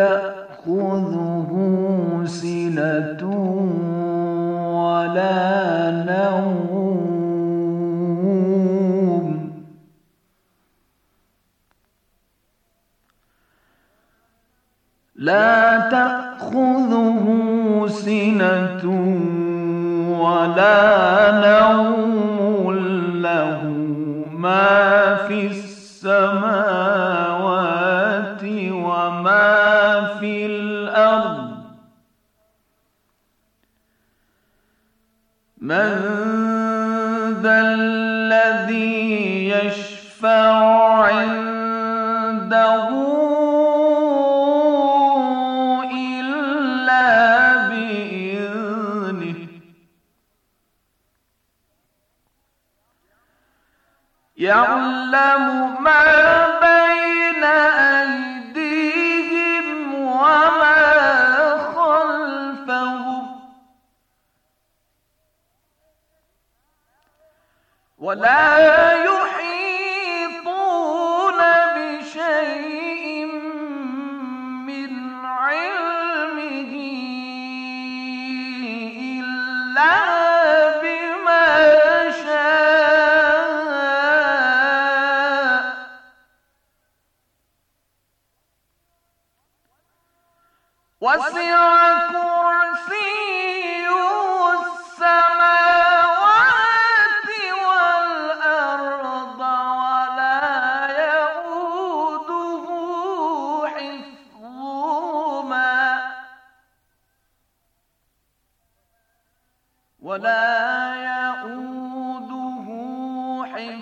تأخذه سنة ولا نوم لا تأخذه سنة ولا نوم ولا Kwa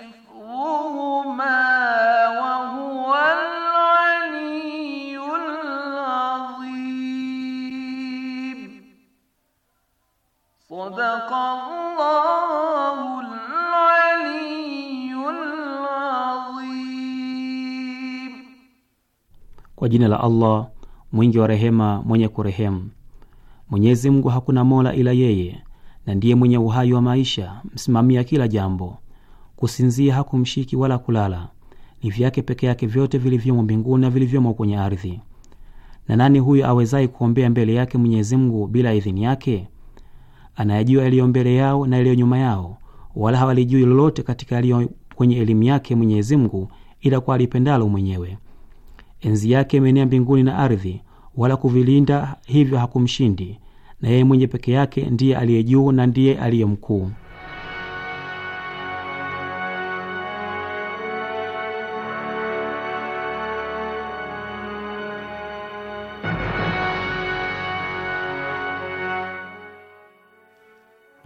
jina la Allah mwingi wa rehema, mwenye kurehemu. Mwenyezi Mungu hakuna mola ila yeye, na ndiye mwenye uhai wa maisha, msimamia kila jambo kusinzia hakumshiki wala kulala. Ni vyake peke yake vyote vilivyomo mbinguni na vilivyomo kwenye ardhi. Na nani huyo awezaye kuombea mbele yake Mwenyezi Mungu bila idhini yake? Anayajua yaliyo mbele yao na yaliyo nyuma yao, wala hawalijui lolote katika yaliyo kwenye elimu yake Mwenyezi Mungu ila kwa alipendalo mwenyewe. Enzi yake imeenea mbinguni na ardhi, wala kuvilinda hivyo hakumshindi, na yeye mwenye peke yake ndiye aliye juu na ndiye aliye mkuu.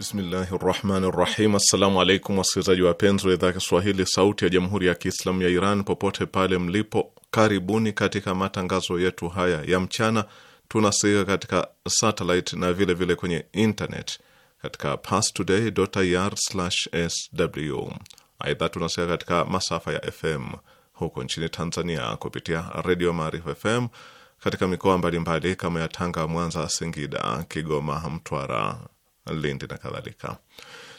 Bismillahi rahmani rahim. Assalamu alaikum wasikilizaji wapenzi wa idhaa ya Kiswahili sauti ya jamhuri ya Kiislamu ya Iran popote pale mlipo, karibuni katika matangazo yetu haya ya mchana. Tunasikika katika satellite na vilevile vile kwenye internet katika pastoday.ir/sw. Aidha, tunasikika katika masafa ya FM huko nchini Tanzania kupitia Redio Maarifa FM katika mikoa mbalimbali kama ya Tanga, Mwanza, Singida, Kigoma, Mtwara Lindi na kadhalika.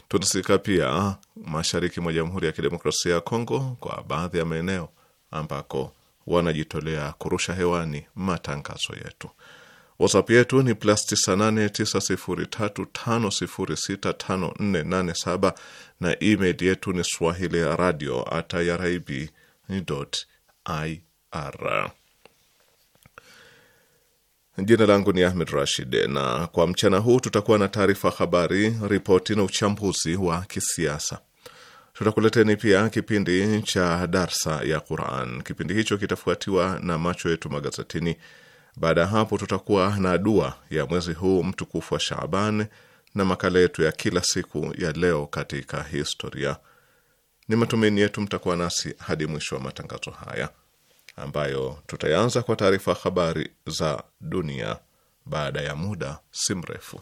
Tunasikika pia mashariki mwa Jamhuri ya Kidemokrasia ya Kongo kwa baadhi ya maeneo ambako wanajitolea kurusha hewani matangazo yetu. WhatsApp yetu ni plus 989035065487 na email yetu ni swahili radio at irib ir. Jina langu ni Ahmed Rashid, na kwa mchana huu tutakuwa na taarifa, habari, ripoti na uchambuzi wa kisiasa. Tutakuleteni pia kipindi cha darsa ya Quran. Kipindi hicho kitafuatiwa na macho yetu magazetini. Baada ya hapo, tutakuwa na dua ya mwezi huu mtukufu wa Shaaban na makala yetu ya kila siku ya leo katika historia. Ni matumaini yetu mtakuwa nasi hadi mwisho wa matangazo haya ambayo tutaanza kwa taarifa habari za dunia baada ya muda si mrefu.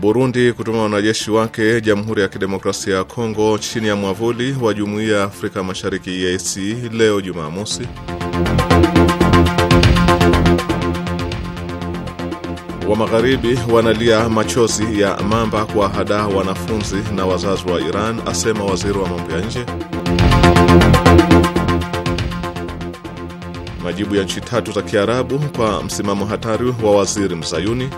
Burundi kutuma wanajeshi wake Jamhuri ya Kidemokrasia ya Kongo chini ya mwavuli wa Jumuiya ya Afrika Mashariki EAC leo Jumamosi. Wa Magharibi wanalia machozi ya mamba kwa hadaa wanafunzi na wazazi wa Iran, asema waziri wa mambo ya nje. Majibu ya nchi tatu za Kiarabu kwa msimamo hatari wa waziri mzayuni.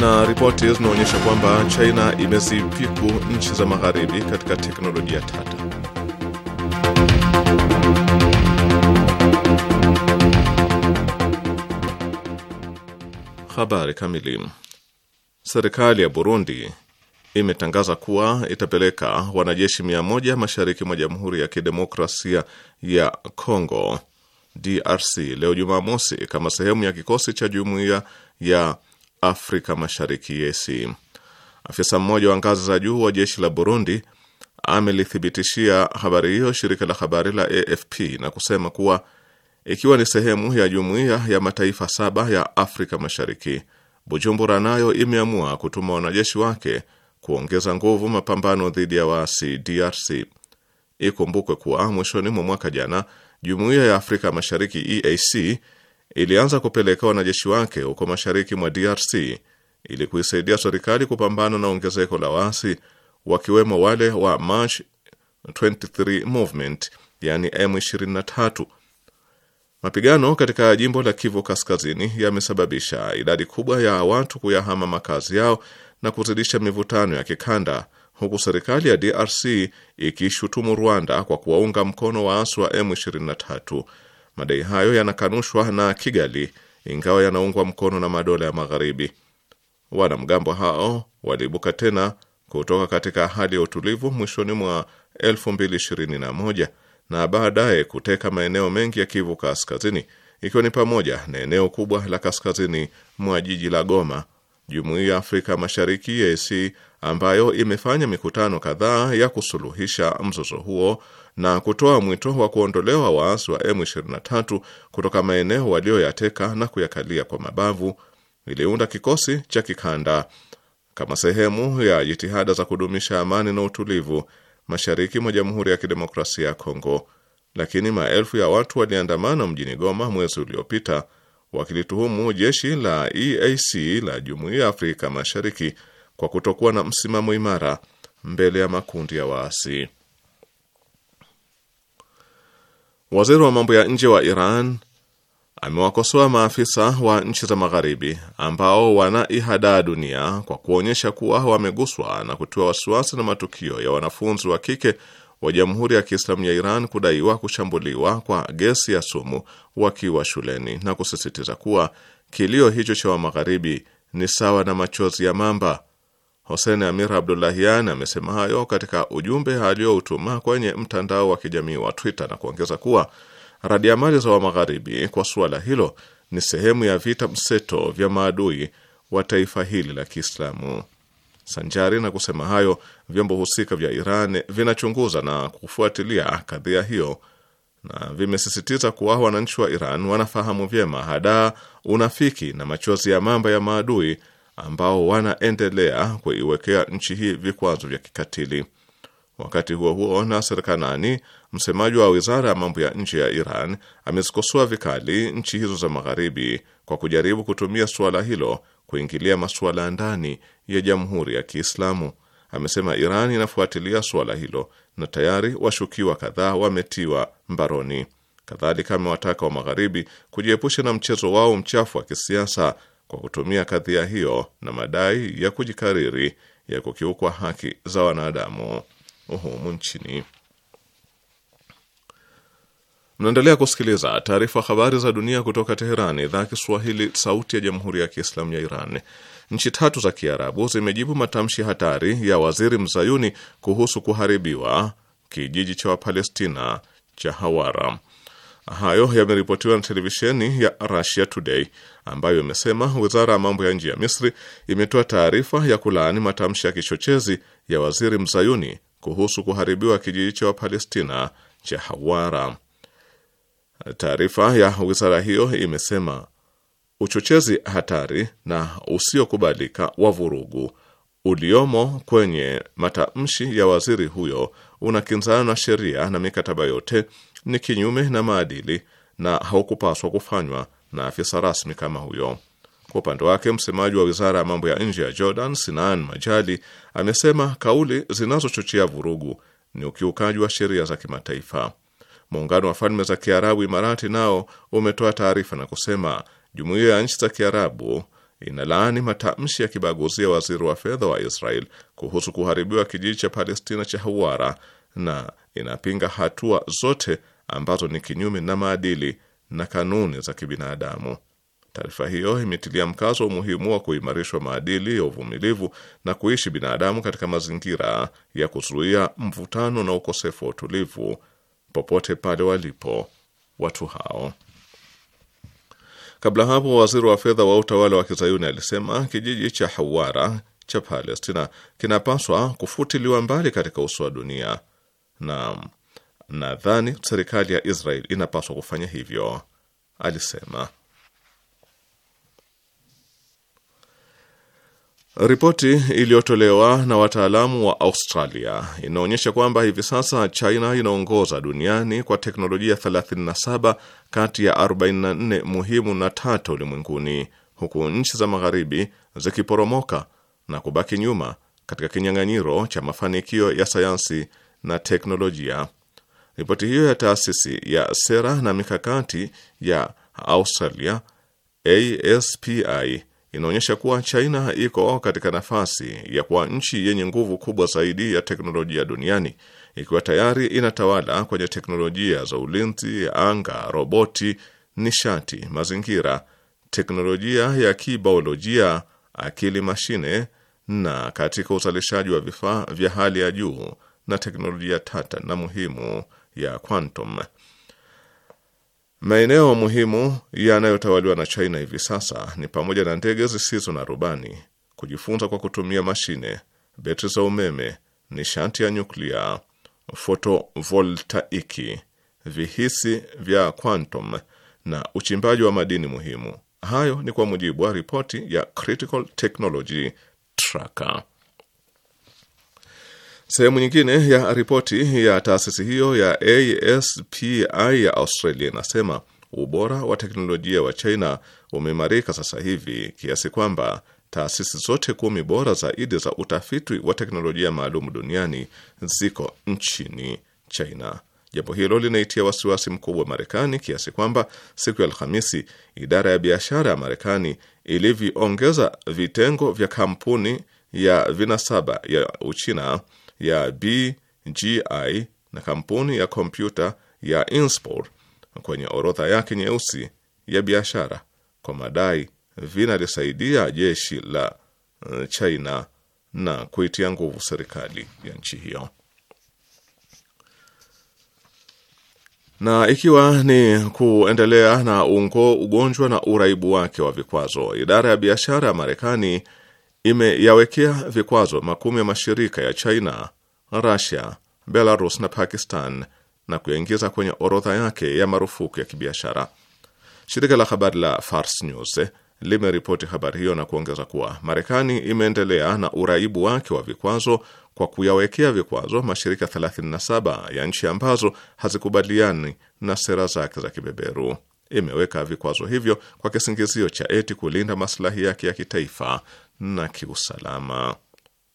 na ripoti zinaonyesha kwamba China imezipiku nchi za magharibi katika teknolojia tata. Habari kamili. Serikali ya Burundi imetangaza kuwa itapeleka wanajeshi mia moja mashariki mwa Jamhuri ya Kidemokrasia ya congo DRC leo Jumamosi, kama sehemu ya kikosi cha jumuiya ya Afrika Mashariki EAC. Afisa mmoja wa ngazi za juu wa jeshi la Burundi amelithibitishia habari hiyo shirika la habari la AFP na kusema kuwa ikiwa ni sehemu ya jumuiya ya mataifa saba ya Afrika Mashariki, Bujumbura nayo imeamua kutuma wanajeshi wake kuongeza nguvu mapambano dhidi ya waasi DRC. Ikumbukwe kuwa mwishoni mwa mwaka jana jumuiya ya Afrika Mashariki EAC ilianza kupeleka wanajeshi wake huko mashariki mwa DRC ili kuisaidia serikali kupambana na ongezeko la waasi wakiwemo wale wa March 23 movement yani M23. Mapigano katika jimbo la Kivu Kaskazini yamesababisha idadi kubwa ya watu kuyahama makazi yao na kuzidisha mivutano ya kikanda, huku serikali ya DRC ikishutumu Rwanda kwa kuwaunga mkono waasi wa M23 Madai hayo yanakanushwa na Kigali, ingawa yanaungwa mkono na madola ya Magharibi. Wanamgambo hao waliibuka tena kutoka katika hali ya utulivu mwishoni mwa 2021 na baadaye kuteka maeneo mengi ya Kivu Kaskazini, ikiwa ni pamoja na eneo kubwa la kaskazini mwa jiji la Goma. Jumuiya ya Afrika Mashariki EAC, ambayo imefanya mikutano kadhaa ya kusuluhisha mzozo huo na kutoa mwito wa kuondolewa waasi wa M23 kutoka maeneo walioyateka na kuyakalia kwa mabavu, iliunda kikosi cha kikanda kama sehemu ya jitihada za kudumisha amani na utulivu mashariki mwa Jamhuri ya Kidemokrasia ya Kongo. Lakini maelfu ya watu waliandamana mjini Goma mwezi uliopita wakilituhumu jeshi la EAC la Jumuiya ya Afrika Mashariki kwa kutokuwa na msimamo imara mbele ya makundi ya waasi. Waziri wa mambo ya nje wa Iran amewakosoa maafisa wa nchi za Magharibi ambao wanaihadaa dunia kwa kuonyesha kuwa wameguswa na kutiwa wasiwasi na matukio ya wanafunzi wa kike wa Jamhuri ya Kiislamu ya Iran kudaiwa kushambuliwa kwa gesi ya sumu wakiwa shuleni na kusisitiza kuwa kilio hicho cha Wamagharibi ni sawa na machozi ya mamba Hosen Amir Abdullahian amesema hayo katika ujumbe aliyoutuma kwenye mtandao wa kijamii wa Twitter na kuongeza kuwa radiamali za wa Magharibi kwa suala hilo ni sehemu ya vita mseto vya maadui wa taifa hili la Kiislamu. Sanjari na kusema hayo, vyombo husika vya Iran vinachunguza na kufuatilia kadhia hiyo na vimesisitiza kuwa wananchi wa Iran wanafahamu vyema hadaa, unafiki na machozi ya mamba ya maadui ambao wanaendelea kuiwekea nchi hii vikwazo vya kikatili. Wakati huo huo, Naser Kanani, msemaji wa wizara ya mambo ya nje ya Iran, amezikosoa vikali nchi hizo za magharibi kwa kujaribu kutumia suala hilo kuingilia masuala ndani ya jamhuri ya Kiislamu. Amesema Iran inafuatilia suala hilo na tayari washukiwa kadhaa wametiwa mbaroni. Kadhalika amewataka wa magharibi kujiepusha na mchezo wao mchafu wa kisiasa kwa kutumia kadhia hiyo na madai ya kujikariri ya kukiukwa haki za wanadamu humu nchini. Mnaendelea kusikiliza taarifa habari za dunia kutoka Teherani, idhaa Kiswahili, sauti ya jamhuri ya kiislamu ya Iran. Nchi tatu za Kiarabu zimejibu matamshi hatari ya waziri mzayuni kuhusu kuharibiwa kijiji cha Wapalestina cha Hawara. Hayo yameripotiwa na televisheni ya Russia Today ambayo imesema wizara ya mambo ya nje ya Misri imetoa taarifa ya kulaani matamshi ya kichochezi ya waziri mzayuni kuhusu kuharibiwa kijiji cha Wapalestina cha Hawara. Taarifa ya wizara hiyo imesema uchochezi hatari na usiokubalika wa vurugu uliomo kwenye matamshi ya waziri huyo unakinzana na sheria na mikataba yote ni kinyume na maadili na haukupaswa kufanywa na afisa rasmi kama huyo. Kwa upande wake, msemaji wa wizara ya mambo ya nje ya Jordan, Sinaan Majali, amesema kauli zinazochochea vurugu ni ukiukaji wa sheria za kimataifa. Muungano wa Falme za Kiarabu, Imarati, nao umetoa taarifa na kusema jumuiya ya nchi za Kiarabu inalaani matamshi ya kibaguzi ya waziri wa fedha wa Israel kuhusu kuharibiwa kijiji cha Palestina cha Hawara na inapinga hatua zote ambazo ni kinyume na maadili na kanuni za kibinadamu. Taarifa hiyo imetilia mkazo umuhimu wa kuimarishwa maadili ya uvumilivu na kuishi binadamu katika mazingira ya kuzuia mvutano na ukosefu wa utulivu popote pale walipo watu hao. Kabla hapo, waziri wa fedha wa utawala wa kizayuni alisema kijiji cha Hawara cha Palestina kinapaswa kufutiliwa mbali katika uso wa dunia na nadhani serikali ya Israel inapaswa kufanya hivyo, alisema. Ripoti iliyotolewa na wataalamu wa Australia inaonyesha kwamba hivi sasa China inaongoza duniani kwa teknolojia 37 kati ya 44 muhimu na tatu ulimwenguni, huku nchi za magharibi zikiporomoka na kubaki nyuma katika kinyang'anyiro cha mafanikio ya sayansi na teknolojia. Ripoti hiyo ya taasisi ya sera na mikakati ya Australia ASPI inaonyesha kuwa China iko katika nafasi ya kuwa nchi yenye nguvu kubwa zaidi ya teknolojia duniani ikiwa tayari inatawala kwenye teknolojia za ulinzi, anga, roboti, nishati, mazingira, teknolojia ya kibiolojia, akili mashine na katika uzalishaji wa vifaa vya hali ya juu na teknolojia tata na muhimu ya quantum. Maeneo muhimu yanayotawaliwa na China hivi sasa ni pamoja na ndege zisizo na rubani, kujifunza kwa kutumia mashine, betri za umeme, nishati ya nyuklia, fotovoltaiki, vihisi vya quantum na uchimbaji wa madini muhimu. Hayo ni kwa mujibu wa ripoti ya Critical Technology Tracker. Sehemu nyingine ya ripoti ya taasisi hiyo ya ASPI ya Australia inasema ubora wa teknolojia wa China umeimarika sasa hivi kiasi kwamba taasisi zote kumi bora zaidi za utafiti wa teknolojia maalum duniani ziko nchini China. Jambo hilo linaitia wasiwasi mkubwa Marekani kiasi kwamba siku ya Alhamisi idara ya biashara ya Marekani ilivyoongeza vitengo vya kampuni ya vinasaba ya Uchina ya BGI na kampuni ya kompyuta ya Inspur kwenye orodha yake nyeusi ya biashara kwa madai vinalisaidia jeshi la eh, China na kuitia nguvu serikali ya nchi hiyo. Na ikiwa ni kuendelea na ungo ugonjwa na uraibu wake wa vikwazo, idara ya biashara ya Marekani imeyawekea vikwazo makumi ya mashirika ya China, Russia, Belarus na Pakistan na kuyaingiza kwenye orodha yake ya marufuku ya kibiashara. Shirika la habari la Fars News limeripoti habari hiyo na kuongeza kuwa Marekani imeendelea na uraibu wake wa vikwazo kwa kuyawekea vikwazo mashirika 37 ya nchi ambazo hazikubaliani na sera zake za kibeberu. Imeweka vikwazo hivyo kwa kisingizio cha eti kulinda maslahi yake ya kitaifa na kiusalama.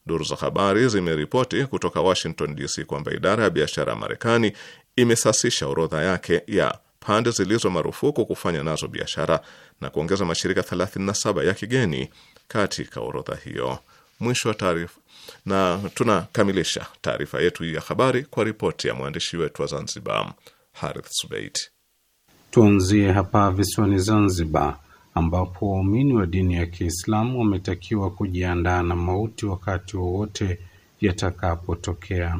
Duru za habari zimeripoti kutoka Washington DC kwamba idara ya biashara ya Marekani imesasisha orodha yake ya pande zilizo marufuku kufanya nazo biashara na kuongeza mashirika 37 ya kigeni katika orodha hiyo. Mwisho wa taarifa, na tunakamilisha taarifa yetu ya habari kwa ripoti ya mwandishi wetu wa Zanzibar, Harith Subeit. Tuanzie hapa visiwani Zanzibar ambapo waumini wa dini ya Kiislamu wametakiwa kujiandaa na mauti wakati wowote yatakapotokea.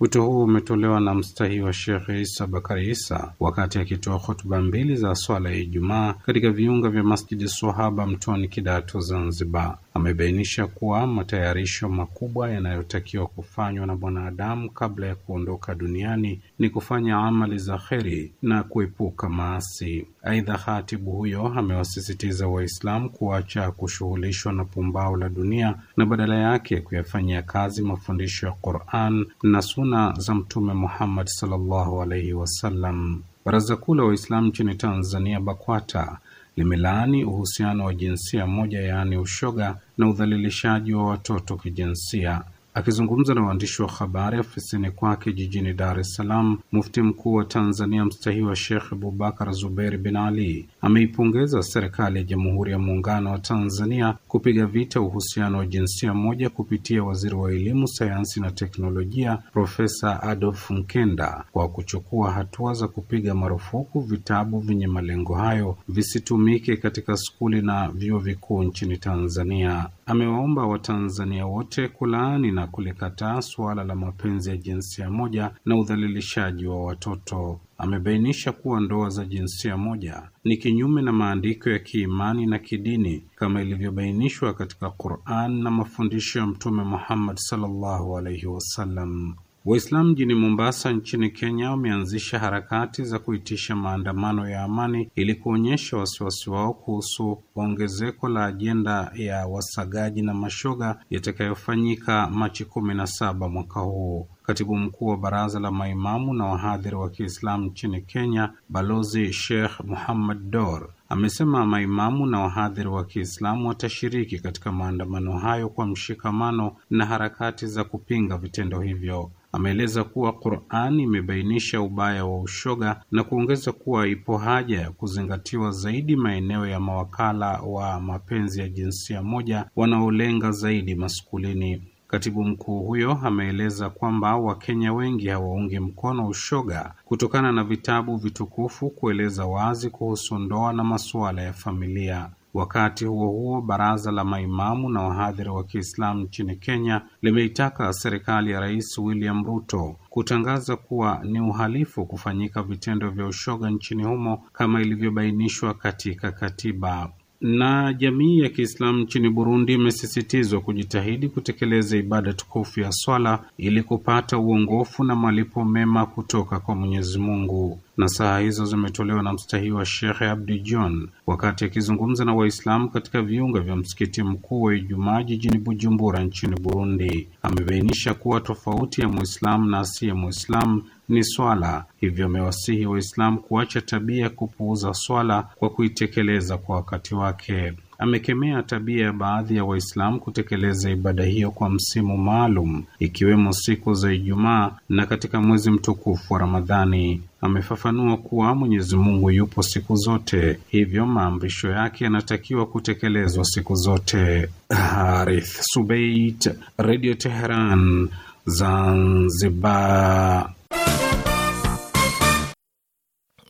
Wito huu umetolewa na mstahii wa Shekh Isa Bakari Isa wakati akitoa hotuba mbili za swala ya Ijumaa katika viunga vya Masjidi Swahaba, Mtoni Kidatu, Zanzibar amebainisha kuwa matayarisho makubwa yanayotakiwa kufanywa na mwanadamu kabla ya kuondoka duniani ni kufanya amali za kheri na kuepuka maasi. Aidha, hatibu huyo amewasisitiza Waislamu kuacha kushughulishwa na pumbao la dunia na badala yake kuyafanyia kazi mafundisho ya Quran na suna za Mtume Muhammad sallallahu alaihi wasallam. Baraza Kuu la Waislamu nchini Tanzania, BAKWATA, limelaani uhusiano wa jinsia moja yaani ushoga na udhalilishaji wa watoto kijinsia. Akizungumza na waandishi wa habari afisini kwake jijini Dar es Salaam, mufti mkuu wa Tanzania mstahii Sheikh Abubakar Zuberi bin Ali ameipongeza serikali ya Jamhuri ya Muungano wa Tanzania kupiga vita uhusiano wa jinsia moja kupitia waziri wa elimu, sayansi na teknolojia Profesa Adolf Mkenda kwa kuchukua hatua za kupiga marufuku vitabu vyenye malengo hayo visitumike katika skuli na vyuo vikuu nchini Tanzania amewaomba Watanzania wote kulaani na kulikataa suala la mapenzi ya jinsia moja na udhalilishaji wa watoto. Amebainisha kuwa ndoa za jinsia moja ni kinyume na maandiko ya kiimani na kidini kama ilivyobainishwa katika Quran na mafundisho ya Mtume Muhammad sallallahu alaihi wasallam. Waislamu mjini Mombasa nchini Kenya wameanzisha harakati za kuitisha maandamano ya amani ili kuonyesha wasiwasi wao kuhusu ongezeko la ajenda ya wasagaji na mashoga yatakayofanyika Machi kumi na saba mwaka huu. Katibu mkuu wa baraza la maimamu na wahadhiri wa Kiislamu nchini Kenya, Balozi Sheikh Muhammad Dor amesema maimamu na wahadhiri wa Kiislamu watashiriki katika maandamano hayo kwa mshikamano na harakati za kupinga vitendo hivyo. Ameeleza kuwa Qur'an imebainisha ubaya wa ushoga na kuongeza kuwa ipo haja ya kuzingatiwa zaidi maeneo ya mawakala wa mapenzi ya jinsia moja wanaolenga zaidi maskulini. Katibu mkuu huyo ameeleza kwamba Wakenya wengi hawaungi mkono ushoga kutokana na vitabu vitukufu kueleza wazi kuhusu ndoa na masuala ya familia. Wakati huo huo, baraza la maimamu na wahadhiri wa Kiislamu nchini Kenya limeitaka serikali ya Rais William Ruto kutangaza kuwa ni uhalifu kufanyika vitendo vya ushoga nchini humo kama ilivyobainishwa katika katiba. Na jamii ya Kiislamu nchini Burundi imesisitizwa kujitahidi kutekeleza ibada tukufu ya swala ili kupata uongofu na malipo mema kutoka kwa Mwenyezi Mungu. Nasaha hizo zimetolewa na mstahii wa Sheikh Abdi John wakati akizungumza na Waislamu katika viunga vya msikiti mkuu wa Ijumaa jijini Bujumbura nchini Burundi. Amebainisha kuwa tofauti ya Muislamu na asiye Muislamu ni swala. Hivyo amewasihi Waislamu kuacha tabia ya kupuuza swala kwa kuitekeleza kwa wakati wake. Amekemea tabia ya baadhi ya Waislamu kutekeleza ibada hiyo kwa msimu maalum, ikiwemo siku za Ijumaa na katika mwezi mtukufu wa Ramadhani. Amefafanua kuwa Mwenyezi Mungu yupo siku zote, hivyo maamrisho yake yanatakiwa kutekelezwa siku zote. Harith Subait, Radio Teheran, Zanzibar.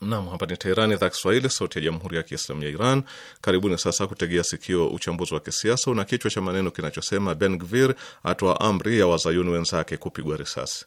Nam, hapa ni Teherani, idhaa Kiswahili, sauti ya jamhuri ya kiislamu ya Iran. Karibuni sasa kutegea sikio uchambuzi wa kisiasa una kichwa cha maneno kinachosema Ben Gvir atoa amri ya wazayuni wenzake kupigwa risasi.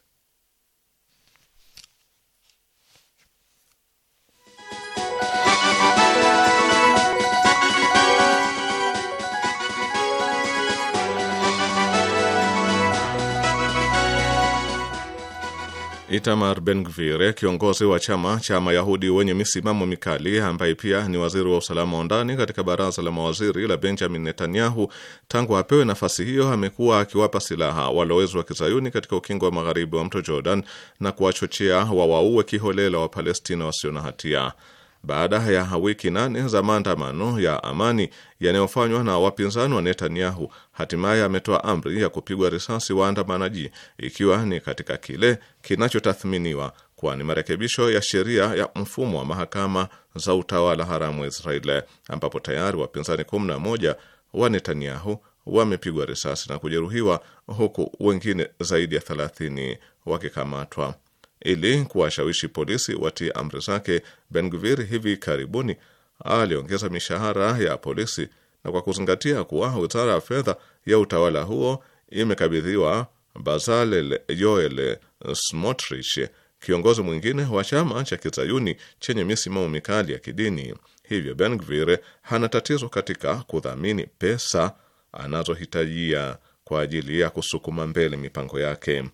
Itamar Ben-Gvir, kiongozi wa chama cha Mayahudi wenye misimamo mikali ambaye pia ni waziri wa usalama wa ndani katika baraza la mawaziri la Benjamin Netanyahu, tangu apewe nafasi hiyo amekuwa akiwapa silaha walowezi wa kizayuni katika ukingo wa magharibi wa mto Jordan na kuwachochea wawaue kiholela wa palestina wasio na hatia baada ya wiki nane za maandamano ya amani yanayofanywa na wapinzani wa Netanyahu, hatimaye ametoa amri ya kupigwa risasi waandamanaji, ikiwa ni katika kile kinachotathminiwa kuwa ni marekebisho ya sheria ya mfumo wa mahakama za utawala haramu wa Israeli, ambapo tayari wapinzani 11 wa Netanyahu wamepigwa risasi na kujeruhiwa huku wengine zaidi ya 30 wakikamatwa ili kuwashawishi polisi watii amri zake. Ben Gvir hivi karibuni aliongeza mishahara ya polisi, na kwa kuzingatia kuwa wizara ya fedha ya utawala huo imekabidhiwa Bazalel Yoel Smotrich, kiongozi mwingine wa chama cha kizayuni chenye misimamo mikali ya kidini. Hivyo Ben Gvir hana tatizo katika kudhamini pesa anazohitajia kwa ajili ya kusukuma mbele mipango yake.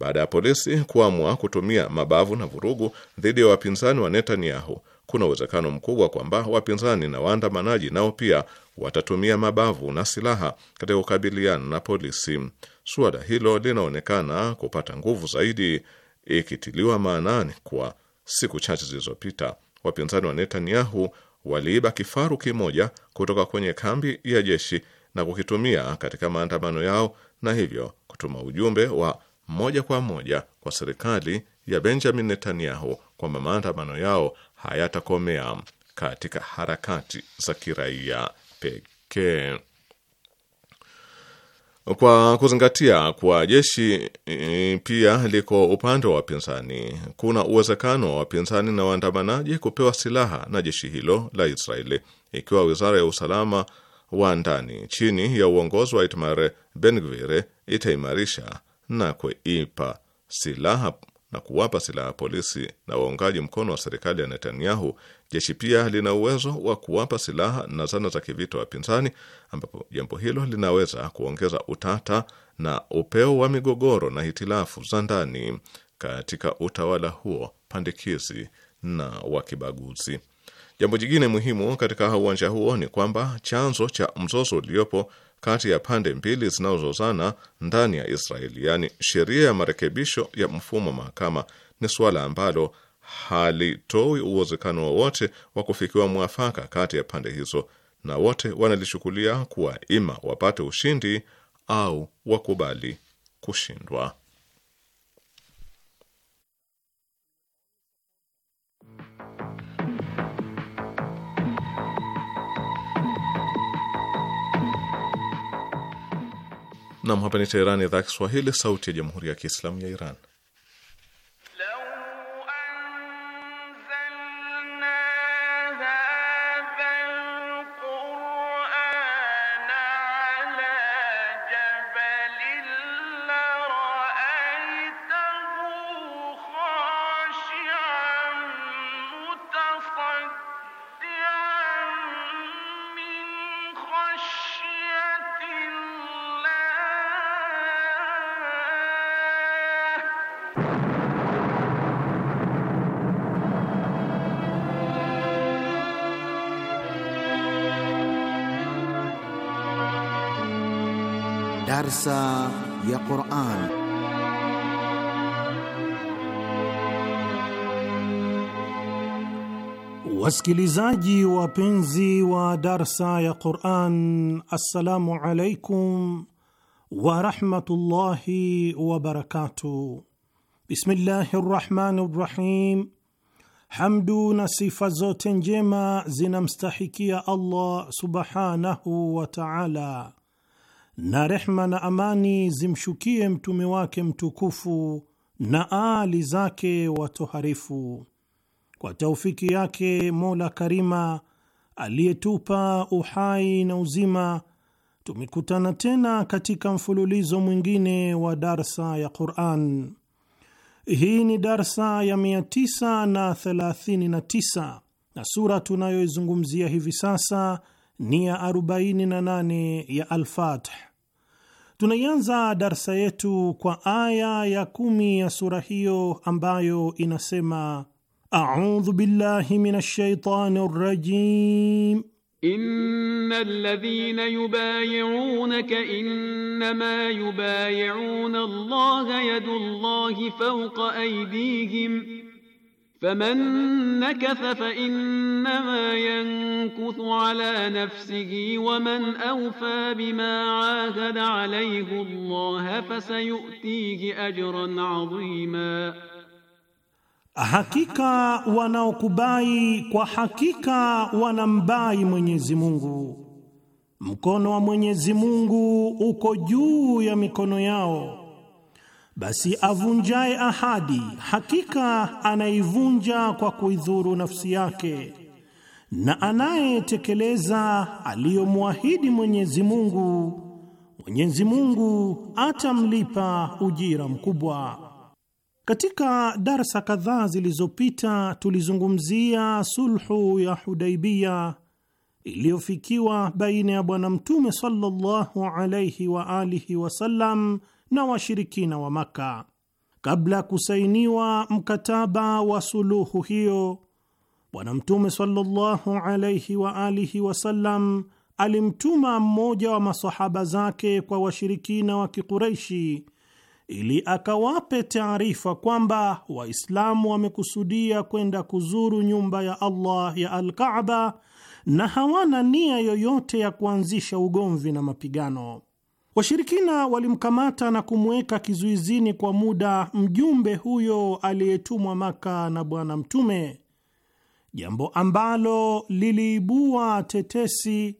Baada ya polisi kuamua kutumia mabavu na vurugu dhidi ya wapinzani wa Netanyahu, kuna uwezekano mkubwa kwamba wapinzani na waandamanaji nao pia watatumia mabavu na silaha katika kukabiliana na polisi. Suala hilo linaonekana kupata nguvu zaidi ikitiliwa maanani kwa siku chache zilizopita wapinzani wa Netanyahu waliiba kifaru kimoja kutoka kwenye kambi ya jeshi na kukitumia katika maandamano yao na hivyo kutuma ujumbe wa moja kwa moja kwa serikali ya Benjamin Netanyahu kwamba maandamano yao hayatakomea katika harakati za kiraia pekee. Kwa kuzingatia kuwa jeshi e, pia liko upande wa wapinzani, kuna uwezekano wa wapinzani na waandamanaji kupewa silaha na jeshi hilo la Israeli, ikiwa wizara ya usalama wa ndani chini ya uongozi wa Itmar Bengvir itaimarisha na kuipa silaha na kuwapa silaha polisi na waungaji mkono wa serikali ya Netanyahu. Jeshi pia lina uwezo wa kuwapa silaha na zana za kivita wapinzani, ambapo jambo hilo linaweza kuongeza utata na upeo wa migogoro na hitilafu za ndani katika utawala huo pandikizi na wa kibaguzi. Jambo jingine muhimu katika uwanja huo ni kwamba chanzo cha mzozo uliopo kati ya pande mbili zinazozozana ndani ya Israeli, yaani sheria ya marekebisho ya mfumo wa mahakama, ni suala ambalo halitoi uwezekano wowote wa kufikiwa mwafaka kati ya pande hizo, na wote wanalichukulia kuwa ima wapate ushindi au wakubali kushindwa. Nam, hapa ni Teherani, idhaa Kiswahili, sauti ya jamhuri ya kiislamu ya Iran. darsa ya Quran. Wasikilizaji wapenzi wa darsa ya Quran, assalamu alaikum wa rahmatullahi wa barakatuh. Bismillahi rahmani rahim. Hamdu na sifa zote njema zinamstahikia Allah subhanahu wa taala na rehma na amani zimshukie mtume wake mtukufu na aali zake watoharifu. Kwa taufiki yake Mola Karima aliyetupa uhai na uzima, tumekutana tena katika mfululizo mwingine wa darsa ya Quran. Hii ni darsa ya 939 na, na sura tunayoizungumzia hivi sasa ni ya 48 ya al Tunaianza darsa yetu kwa aya ya kumi ya sura hiyo ambayo inasema a'udhu billahi minash shaitani rrajim innal ladhina yubay'unaka innama yubay'una Allaha yadullahi fawqa aydihim Faman nakatha fa innama yankuthu ala nafsihi wa man awfa bima ahada alayhi Allah fasayutihi ajran adhima, hakika wanaokubai kwa hakika wanambai Mwenyezi Mungu, mkono wa Mwenyezi Mungu uko juu ya mikono yao basi avunjaye ahadi hakika anaivunja kwa kuidhuru nafsi yake, na anayetekeleza aliyomwahidi Mwenyezi Mungu, Mwenyezi Mungu atamlipa ujira mkubwa. Katika darsa kadhaa zilizopita tulizungumzia sulhu ya Hudaibia iliyofikiwa baina ya Bwana Mtume sallallahu alayhi wa alihi wasallam na washirikina wa Maka. Kabla ya kusainiwa mkataba wa suluhu hiyo, Bwana Mtume sallallahu alaihi wa alihi wasallam alimtuma mmoja wa masahaba zake kwa washirikina wa Kikureishi ili akawape taarifa kwamba Waislamu wamekusudia kwenda kuzuru nyumba ya Allah ya Alkaaba na hawana nia yoyote ya kuanzisha ugomvi na mapigano. Washirikina walimkamata na kumweka kizuizini kwa muda mjumbe huyo aliyetumwa Maka na Bwana Mtume, jambo ambalo liliibua tetesi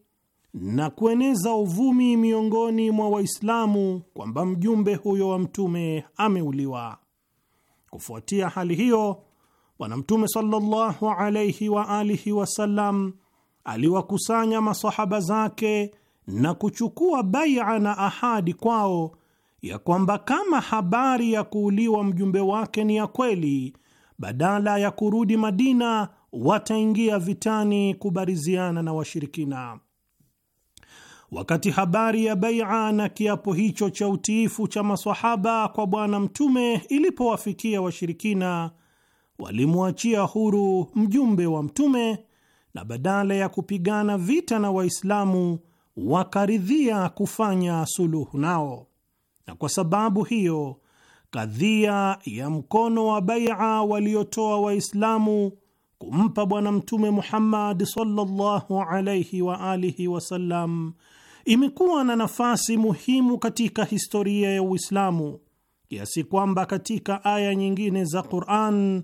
na kueneza uvumi miongoni mwa Waislamu kwamba mjumbe huyo wa Mtume ameuliwa. Kufuatia hali hiyo, Bwana Mtume sallallahu alaihi wa alihi wasallam aliwakusanya masahaba zake na kuchukua baia na ahadi kwao ya kwamba kama habari ya kuuliwa mjumbe wake ni ya kweli, badala ya kurudi Madina wataingia vitani kubariziana na washirikina. Wakati habari ya baia na kiapo hicho cha utiifu cha maswahaba kwa Bwana Mtume ilipowafikia washirikina, walimwachia huru mjumbe wa Mtume, na badala ya kupigana vita na Waislamu wakaridhia kufanya suluhu nao, na kwa sababu hiyo kadhia ya mkono wa baia waliotoa Waislamu kumpa Bwana Mtume Muhammad sallallahu alaihi wa alihi wasallam imekuwa na nafasi muhimu katika historia ya Uislamu kiasi kwamba katika aya nyingine za Quran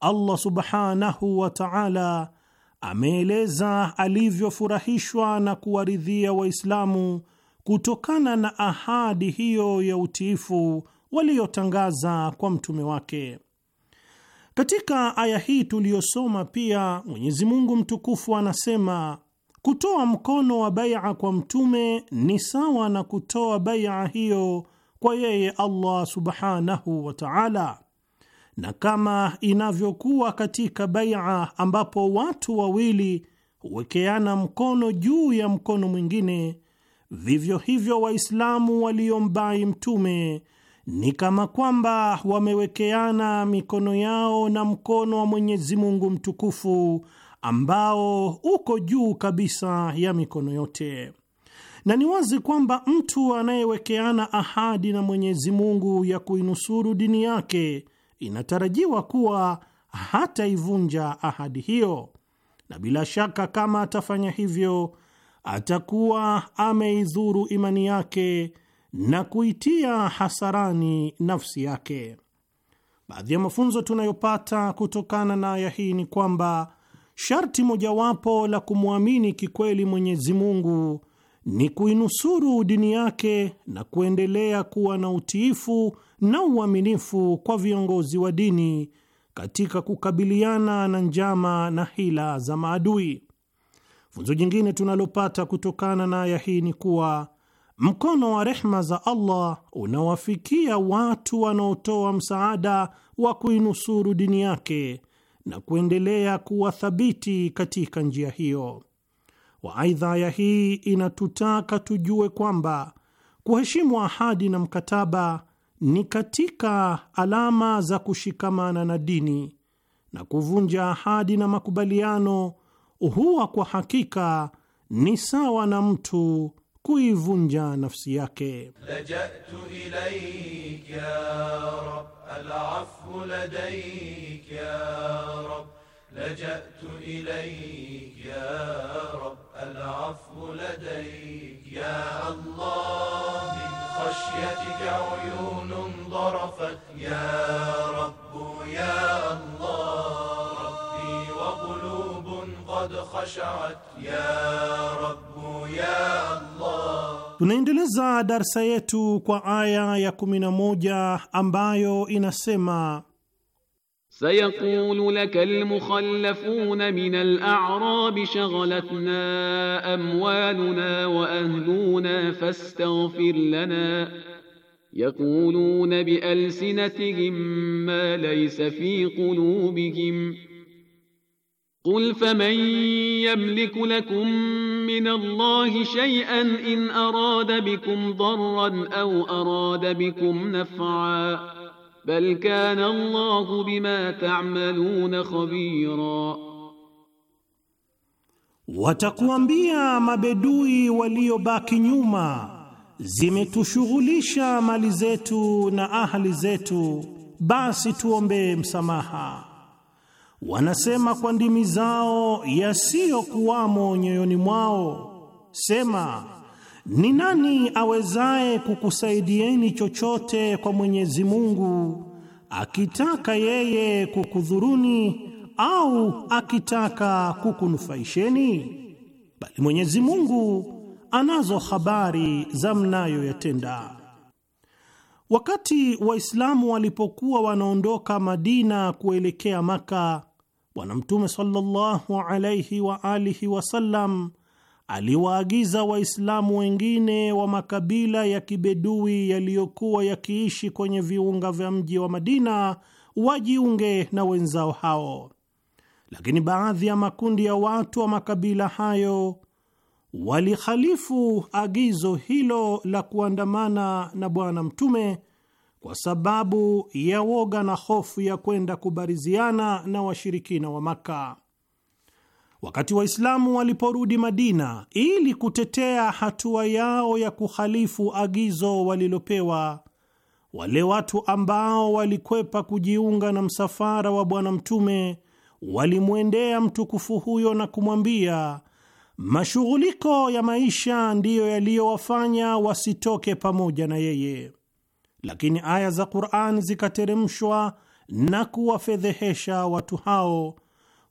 Allah subhanahu wa ta'ala ameeleza alivyofurahishwa na kuwaridhia Waislamu kutokana na ahadi hiyo ya utiifu waliyotangaza kwa mtume wake. Katika aya hii tuliyosoma, pia Mwenyezi Mungu mtukufu anasema kutoa mkono wa bai'a kwa mtume ni sawa na kutoa bai'a hiyo kwa yeye Allah subhanahu wa ta'ala, na kama inavyokuwa katika baia ambapo watu wawili huwekeana mkono juu ya mkono mwingine, vivyo hivyo Waislamu waliombai Mtume ni kama kwamba wamewekeana mikono yao na mkono wa Mwenyezi Mungu mtukufu ambao uko juu kabisa ya mikono yote, na ni wazi kwamba mtu anayewekeana ahadi na Mwenyezi Mungu ya kuinusuru dini yake inatarajiwa kuwa hataivunja ahadi hiyo, na bila shaka kama atafanya hivyo atakuwa ameidhuru imani yake na kuitia hasarani nafsi yake. Baadhi ya mafunzo tunayopata kutokana na aya hii ni kwamba sharti mojawapo la kumwamini kikweli Mwenyezi Mungu ni kuinusuru dini yake na kuendelea kuwa na utiifu na uaminifu kwa viongozi wa dini katika kukabiliana na njama na hila za maadui. Funzo jingine tunalopata kutokana na aya hii ni kuwa mkono wa rehma za Allah unawafikia watu wanaotoa msaada wa kuinusuru dini yake na kuendelea kuwa thabiti katika njia hiyo. Waaidha, aya hii inatutaka tujue kwamba kuheshimu ahadi na mkataba ni katika alama za kushikamana na dini na kuvunja ahadi na makubaliano huwa kwa hakika ni sawa na mtu kuivunja nafsi yake. Lajatu ya al-afu ya لجأت إليك يا رب العفو لديك يا الله من خشيتك عيون ضرفت يا رب يا الله ربي وقلوب قد خشعت يا رب يا الله Tunaendeleza darsa yetu kwa aya ya 11 ambayo inasema سيقول لك المخلفون من الأعراب شغلتنا أموالنا وأهلنا فاستغفر لنا يقولون بألسنتهم ما ليس في قلوبهم قل فمن يملك لكم من الله شيئا إن أراد بكم ضرا أو أراد بكم نفعا bal kana Allahu bima ta'maluna khabira, watakuambia mabedui waliobaki nyuma, zimetushughulisha mali zetu na ahli zetu, basi tuombee msamaha. Wanasema kwa ndimi zao yasiyokuwamo nyoyoni mwao, sema ni nani awezaye kukusaidieni chochote kwa Mwenyezi Mungu akitaka yeye kukudhuruni au akitaka kukunufaisheni? Bali Mwenyezi Mungu anazo habari za mnayoyatenda. Wakati Waislamu walipokuwa wanaondoka Madina kuelekea Maka, Bwana Mtume sallallahu alayhi wa alihi wasallam aliwaagiza Waislamu wengine wa makabila ya kibedui yaliyokuwa yakiishi kwenye viunga vya mji wa Madina wajiunge na wenzao hao, lakini baadhi ya makundi ya watu wa makabila hayo walihalifu agizo hilo la kuandamana na Bwana Mtume kwa sababu ya woga na hofu ya kwenda kubariziana na washirikina wa Maka. Wakati Waislamu waliporudi Madina ili kutetea hatua yao ya kuhalifu agizo walilopewa, wale watu ambao walikwepa kujiunga na msafara wa Bwana Mtume walimwendea mtukufu huyo na kumwambia mashughuliko ya maisha ndiyo yaliyowafanya wasitoke pamoja na yeye, lakini aya za Qur'an zikateremshwa na kuwafedhehesha watu hao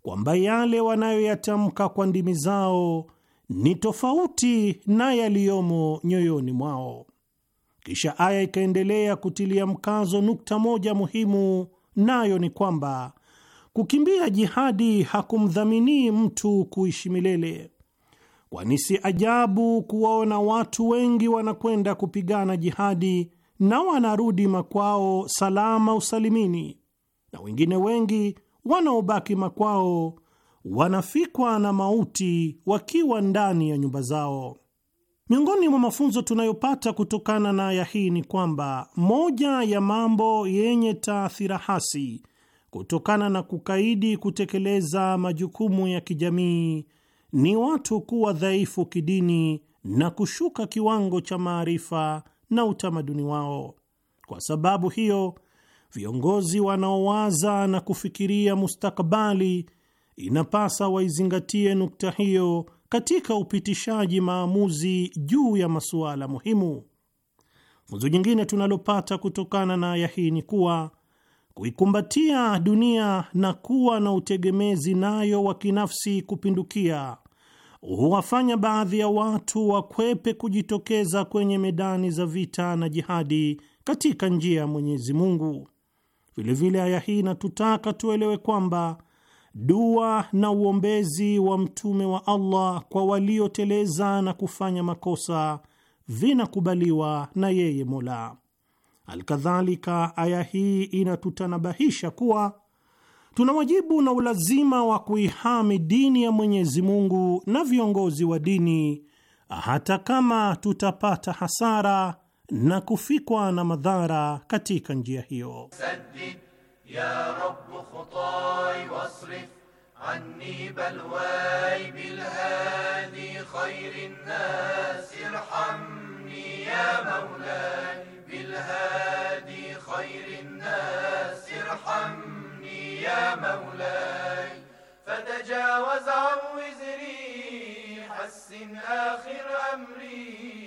kwamba yale wanayoyatamka kwa ndimi zao ni tofauti na yaliyomo nyoyoni mwao. Kisha aya ikaendelea kutilia mkazo nukta moja muhimu, nayo ni kwamba kukimbia jihadi hakumdhaminii mtu kuishi milele, kwani si ajabu kuwaona watu wengi wanakwenda kupigana jihadi na wanarudi makwao salama usalimini, na wengine wengi wanaobaki makwao wanafikwa na mauti wakiwa ndani ya nyumba zao. Miongoni mwa mafunzo tunayopata kutokana na aya hii ni kwamba moja ya mambo yenye taathira hasi kutokana na kukaidi kutekeleza majukumu ya kijamii ni watu kuwa dhaifu kidini na kushuka kiwango cha maarifa na utamaduni wao. Kwa sababu hiyo viongozi wanaowaza na kufikiria mustakabali inapasa waizingatie nukta hiyo katika upitishaji maamuzi juu ya masuala muhimu. Funzo jingine tunalopata kutokana na aya hii ni kuwa kuikumbatia dunia na kuwa na utegemezi nayo wa kinafsi kupindukia huwafanya baadhi ya watu wakwepe kujitokeza kwenye medani za vita na jihadi katika njia ya Mwenyezi Mungu. Vilevile aya hii inatutaka tuelewe kwamba dua na uombezi wa mtume wa Allah kwa walioteleza na kufanya makosa vinakubaliwa na yeye Mola. Alkadhalika, aya hii inatutanabahisha kuwa tuna wajibu na ulazima wa kuihami dini ya Mwenyezi Mungu na viongozi wa dini, hata kama tutapata hasara na kufikwa na madhara katika njia hiyo. فتجاوز عن وزري حسن آخر أمري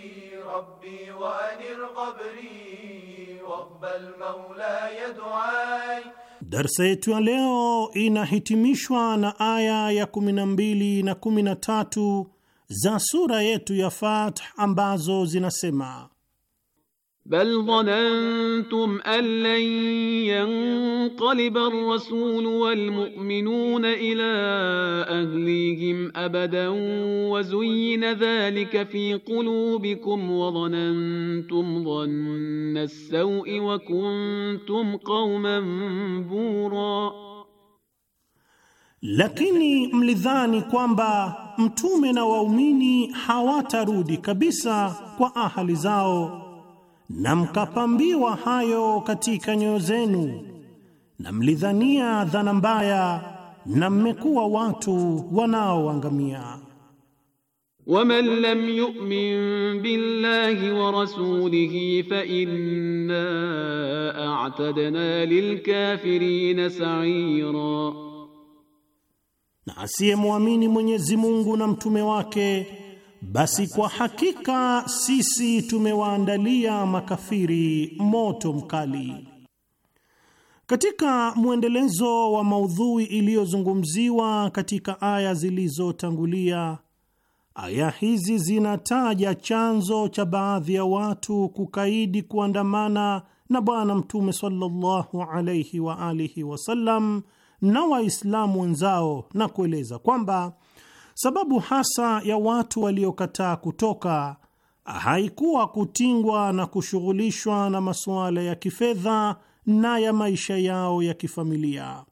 ربي وأنر قبري واقبل مولاي دعاي. Darsa yetu ya leo inahitimishwa na aya ya 12 na 13 za sura yetu ya Fath ambazo zinasema بل ظننتم أن لن ينقلب الرسول والمؤمنون إلى أهليهم أبدا وزين ذلك في قلوبكم وظننتم ظن السوء وكنتم قوما بورا lakini mlidhani kwamba mtume na waumini hawatarudi kabisa kwa ahali zao na mkapambiwa hayo katika nyoyo zenu, na mlidhania dhana mbaya, na mmekuwa watu wanaoangamia. Waman lam yu'min billahi wa rasulihi fa inna a'tadna lilkafirina sa'ira, na asiyemwamini Mwenyezi Mungu na mtume wake basi kwa hakika sisi tumewaandalia makafiri moto mkali. Katika mwendelezo wa maudhui iliyozungumziwa katika aya zilizotangulia, aya hizi zinataja chanzo cha baadhi ya watu kukaidi kuandamana na Bwana Mtume sallallahu alaihi wa alihi wasallam na Waislamu wenzao na kueleza kwamba Sababu hasa ya watu waliokataa kutoka haikuwa kutingwa na kushughulishwa na masuala ya kifedha na ya maisha yao ya kifamilia,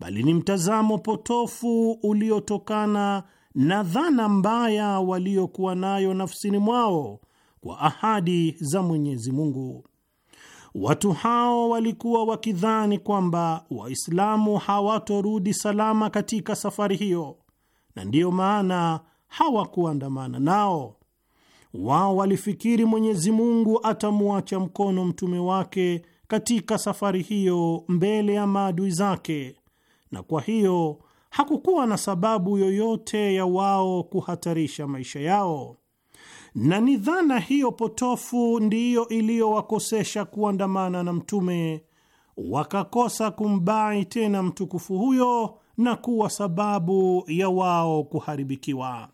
bali ni mtazamo potofu uliotokana na dhana mbaya waliokuwa nayo nafsini mwao kwa ahadi za Mwenyezi Mungu. Watu hao walikuwa wakidhani kwamba Waislamu hawatorudi salama katika safari hiyo na ndiyo maana hawakuandamana nao. Wao walifikiri Mwenyezi Mungu atamwacha mkono mtume wake katika safari hiyo mbele ya maadui zake, na kwa hiyo hakukuwa na sababu yoyote ya wao kuhatarisha maisha yao, na ni dhana hiyo potofu ndiyo iliyowakosesha kuandamana na mtume, wakakosa kumbai tena mtukufu huyo na kuwa sababu ya wao kuharibikiwa.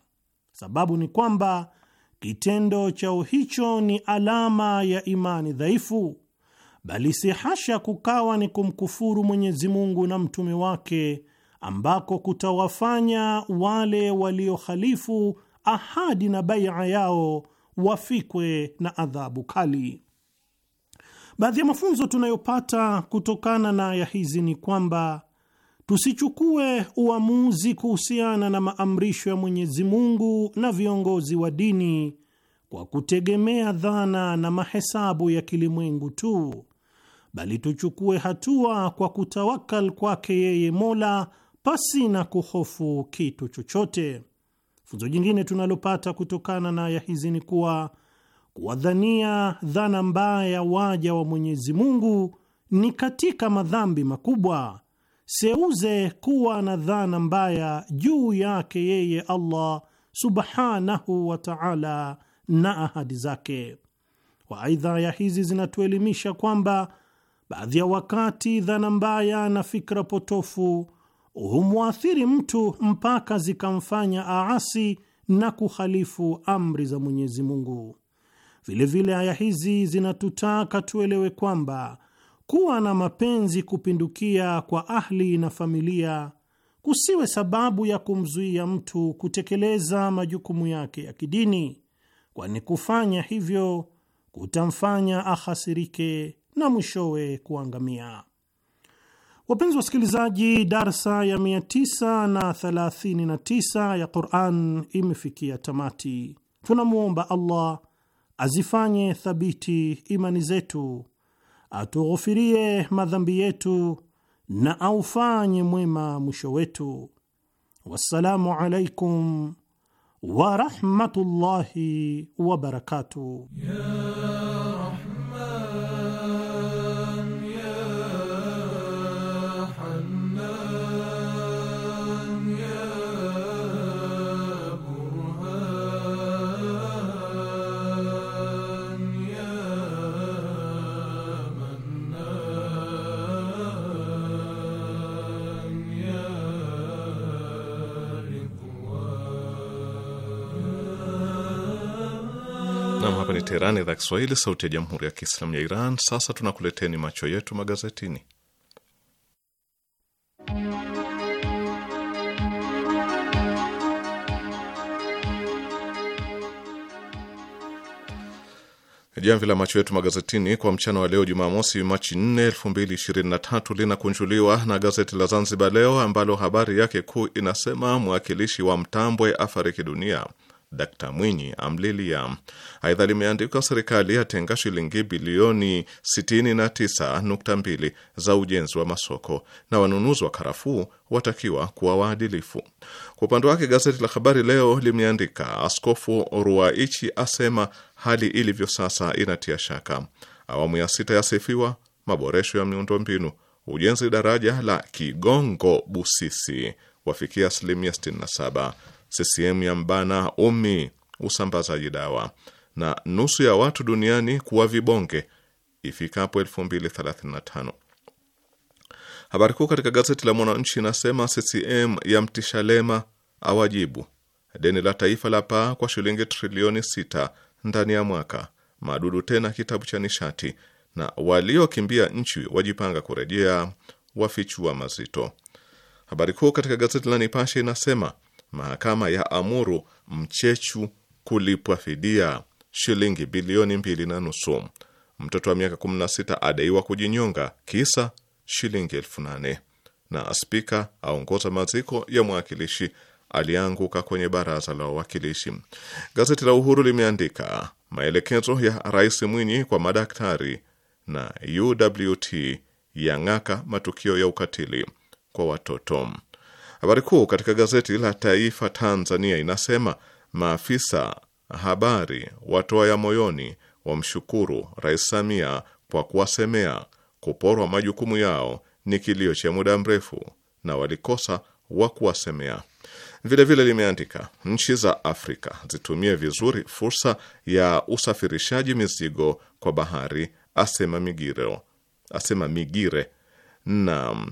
Sababu ni kwamba kitendo chao hicho ni alama ya imani dhaifu, bali si hasha kukawa ni kumkufuru Mwenyezi Mungu na mtume wake, ambako kutawafanya wale waliohalifu ahadi na baia yao wafikwe na adhabu kali. Baadhi ya mafunzo tunayopata kutokana na aya hizi ni kwamba Tusichukue uamuzi kuhusiana na maamrisho ya Mwenyezi Mungu na viongozi wa dini kwa kutegemea dhana na mahesabu ya kilimwengu tu, bali tuchukue hatua kwa kutawakal kwake yeye Mola pasi na kuhofu kitu chochote. Funzo jingine tunalopata kutokana na aya hizi ni kuwa kuwadhania dhana mbaya waja wa Mwenyezi Mungu ni katika madhambi makubwa seuze kuwa na dhana mbaya juu yake yeye Allah subhanahu wa ta'ala na ahadi zake. Waaidha, ya hizi zinatuelimisha kwamba baadhi ya wakati dhana mbaya na fikra potofu humwathiri mtu mpaka zikamfanya aasi na kuhalifu amri za Mwenyezi Mungu. Vilevile aya hizi zinatutaka tuelewe kwamba kuwa na mapenzi kupindukia kwa ahli na familia kusiwe sababu ya kumzuia mtu kutekeleza majukumu yake ya kidini, kwani kufanya hivyo kutamfanya ahasirike na mwishowe kuangamia. Wapenzi wasikilizaji, darsa ya 939 ya Quran imefikia tamati. Tunamwomba Allah azifanye thabiti imani zetu atughufirie madhambi yetu na aufanye mwema mwisho wetu. Wassalamu alaikum warahmatullahi wabarakatuh. Teherani, idhaa Kiswahili, sauti ya jamhuri ya kiislamu ya Iran. Sasa tunakuleteni macho yetu magazetini. Jamvi la macho yetu magazetini kwa mchana wa leo Jumamosi, Machi 4, 2023 linakunjuliwa na gazeti la Zanzibar Leo ambalo habari yake kuu inasema mwakilishi wa Mtambwe afariki dunia. Dkt Mwinyi amlilia. Aidha limeandika serikali yatenga shilingi bilioni 69.2 za ujenzi wa masoko na wanunuzi wa karafuu watakiwa kuwa waadilifu. Kwa upande wake gazeti la Habari Leo limeandika Askofu ruaichi asema hali ilivyo sasa inatia shaka. Awamu ya sita yasifiwa, maboresho ya miundombinu, ujenzi daraja la Kigongo Busisi wafikia asilimia 67. CCM ya mbana umi usambazaji dawa, na nusu ya watu duniani kuwa vibonge ifikapo 2035. Habari kuu katika gazeti la Mwananchi inasema CCM ya mtishalema awajibu deni la taifa la paa kwa shilingi trilioni sita ndani ya mwaka. Madudu tena kitabu cha nishati na waliokimbia nchi wajipanga kurejea, wafichua mazito. Habari kuu katika gazeti la Nipashe inasema mahakama ya amuru Mchechu kulipwa fidia shilingi bilioni mbili na nusu. Mtoto wa miaka 16 adaiwa kujinyonga kisa shilingi elfu nane. Na spika aongoza maziko ya mwakilishi alianguka kwenye baraza la wawakilishi. Gazeti la Uhuru limeandika maelekezo ya Rais Mwinyi kwa madaktari na UWT yang'aka matukio ya ukatili kwa watoto. Habari kuu katika gazeti la Taifa Tanzania inasema maafisa habari watoa ya moyoni wamshukuru Rais Samia kwa kuwasemea kuporwa majukumu yao ni kilio cha muda mrefu na walikosa wa kuwasemea. Vilevile limeandika nchi za Afrika zitumie vizuri fursa ya usafirishaji mizigo kwa bahari, asema Migire, asema Migire na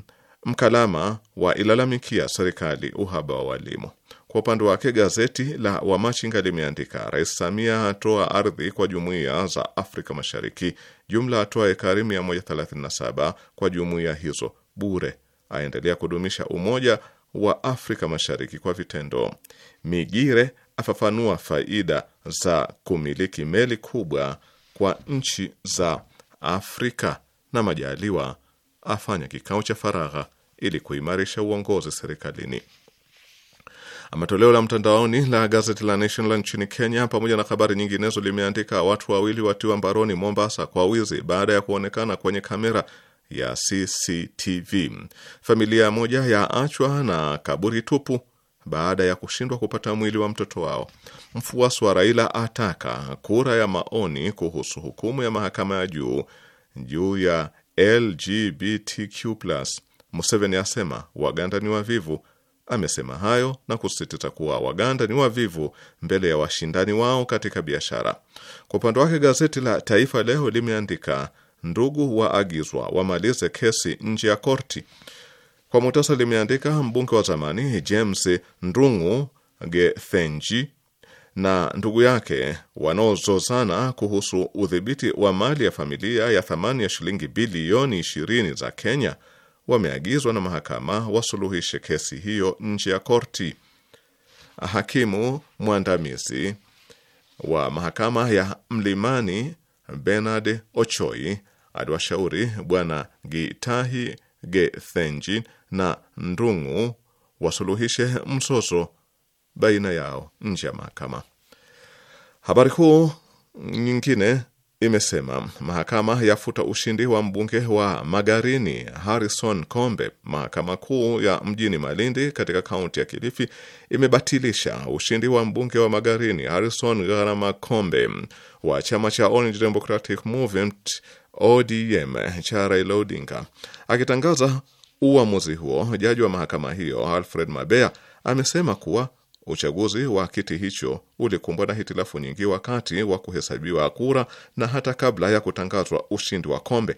Mkalama wa ilalamikia serikali uhaba wa walimu. Kwa upande wake gazeti la Wamachinga limeandika Rais Samia atoa ardhi kwa jumuiya za Afrika Mashariki, jumla atoa ekari 137 kwa jumuiya hizo bure, aendelea kudumisha umoja wa Afrika Mashariki kwa vitendo. Migire afafanua faida za kumiliki meli kubwa kwa nchi za Afrika, na Majaliwa afanya kikao cha faragha ili kuimarisha uongozi serikalini. matoleo la mtandaoni la gazeti la Nation la nchini Kenya, pamoja na habari nyinginezo, limeandika watu wawili watiwa mbaroni Mombasa kwa wizi baada ya kuonekana kwenye kamera ya CCTV. Familia moja ya achwa na kaburi tupu baada ya kushindwa kupata mwili wa mtoto wao. Mfuasi wa Raila ataka kura ya maoni kuhusu hukumu ya mahakama ya juu juu ya LGBTQ+. Museveni asema Waganda ni wavivu. Amesema hayo na kusisitiza kuwa Waganda ni wavivu mbele ya washindani wao katika biashara. Kwa upande wake, gazeti la Taifa Leo limeandika ndugu waagizwa wamalize kesi nje ya korti. Kwa mutasa limeandika mbunge wa zamani James Ndungu Gethenji na ndugu yake wanaozozana kuhusu udhibiti wa mali ya familia ya thamani ya shilingi bilioni ishirini za Kenya wameagizwa na mahakama wasuluhishe kesi hiyo nje ya korti. Hakimu mwandamizi wa mahakama ya Mlimani Bernard Ochoi aliwashauri Bwana Gitahi Gethenji na Ndungu wasuluhishe mzozo baina yao nje ya mahakama. Habari kuu nyingine imesema mahakama yafuta ushindi wa mbunge wa Magarini Harrison Kombe. Mahakama kuu ya mjini Malindi katika kaunti ya Kilifi imebatilisha ushindi wa mbunge wa Magarini Harrison Garama Kombe wa chama cha Orange Democratic Movement ODM cha Raila Odinga. Akitangaza uamuzi huo, jaji wa mahakama hiyo Alfred Mabea amesema kuwa Uchaguzi wa kiti hicho ulikumbwa na hitilafu nyingi wakati wa kuhesabiwa kura na hata kabla ya kutangazwa ushindi wa kombe.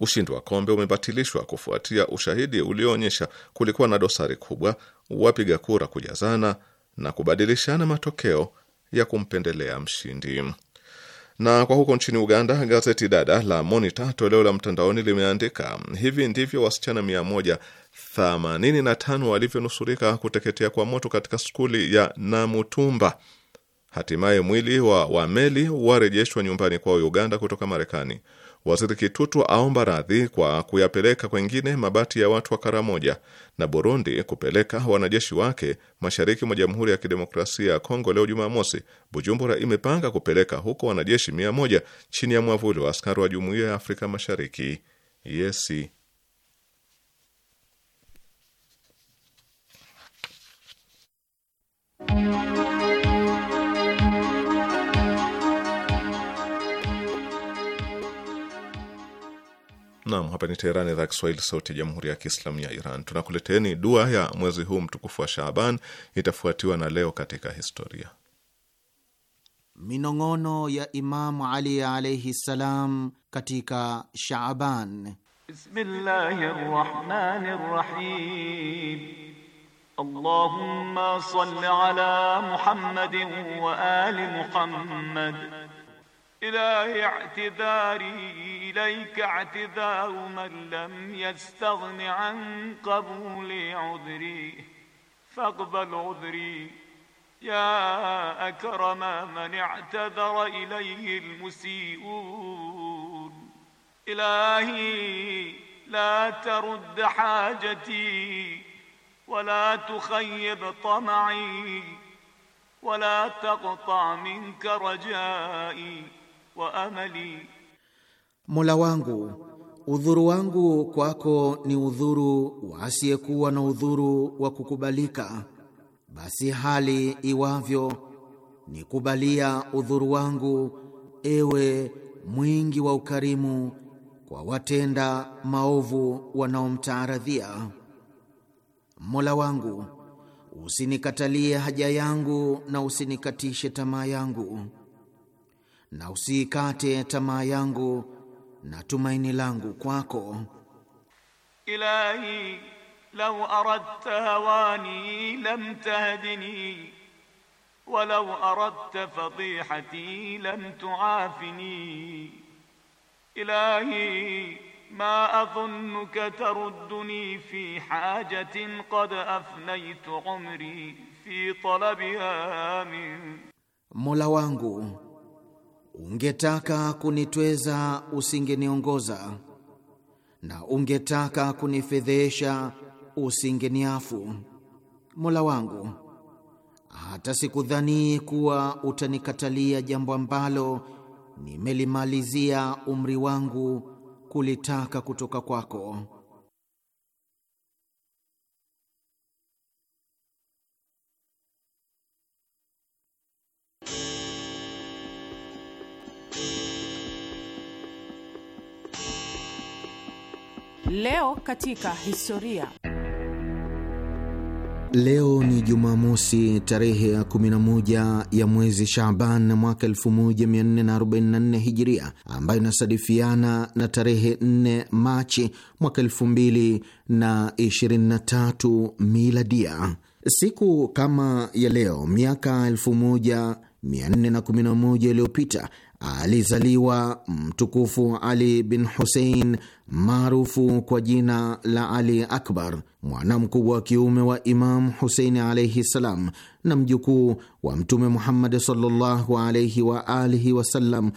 Ushindi wa kombe umebatilishwa kufuatia ushahidi ulioonyesha kulikuwa na dosari kubwa, wapiga kura kujazana na kubadilishana matokeo ya kumpendelea mshindi. Na kwa huko nchini Uganda, gazeti dada la Monitor toleo la mtandaoni limeandika hivi ndivyo wasichana 185 walivyonusurika kuteketea kwa moto katika skuli ya Namutumba. Hatimaye mwili wa Wameli warejeshwa nyumbani kwao Uganda kutoka Marekani. Waziri Kitutu aomba radhi kwa kuyapeleka kwengine mabati ya watu wa Karamoja, na Burundi kupeleka wanajeshi wake mashariki mwa Jamhuri ya Kidemokrasia ya Kongo. Leo Jumamosi, Bujumbura imepanga kupeleka huko wanajeshi mia moja chini ya mwavuli wa askari wa Jumuiya ya Afrika Mashariki yesi Naam, hapa ni Teherani, idhaa Kiswahili, sauti ya jamhuri ya kiislamu ya Iran. Tunakuleteeni dua ya mwezi huu mtukufu wa Shaaban, itafuatiwa na leo katika historia. Minong'ono ya Imamu Ali alaihi salam katika Shaaban. rahim Allahumma salli ala Muhammadin wa ali Muhammad إلهي اعتذاري إليك اعتذار من لم يستغن عن قبول عذري فاقبل عذري يا أكرم من اعتذر إليه المسيئون إلهي لا ترد حاجتي ولا تخيب طمعي ولا تقطع منك رجائي wa amali, Mola wangu udhuru wangu kwako ni udhuru wa asiyekuwa na udhuru wa kukubalika, basi hali iwavyo nikubalia udhuru wangu, ewe mwingi wa ukarimu kwa watenda maovu wanaomtaaradhia. Mola wangu usinikatalie haja yangu na usinikatishe tamaa yangu na usiikate tamaa yangu na tumaini langu kwako. Ilahi law aradta hawani lam tahdini walau aradta fadihati lam tuafini ilahi ma أظنك تردني في حاجة قد أفنيت عمري في طلبها من Mola wangu Ungetaka kunitweza usingeniongoza, na ungetaka kunifedhesha usingeniafu. Mola wangu, hata sikudhani kuwa utanikatalia jambo ambalo nimelimalizia umri wangu kulitaka kutoka kwako. Leo katika historia. Leo ni Jumamosi tarehe ya 11 ya mwezi shaban mwaka 1444 Hijiria, ambayo inasadifiana na tarehe 4 Machi mwaka 2023 Miladia. Siku kama ya leo miaka 1411 iliyopita alizaliwa mtukufu Ali bin Husein maarufu kwa jina la Ali Akbar, mwana mkubwa wa kiume wa imam Husein alaihi ssalam, na mjukuu wa Mtume Muhammadi sallallahu alaihi wa alihi wasallam,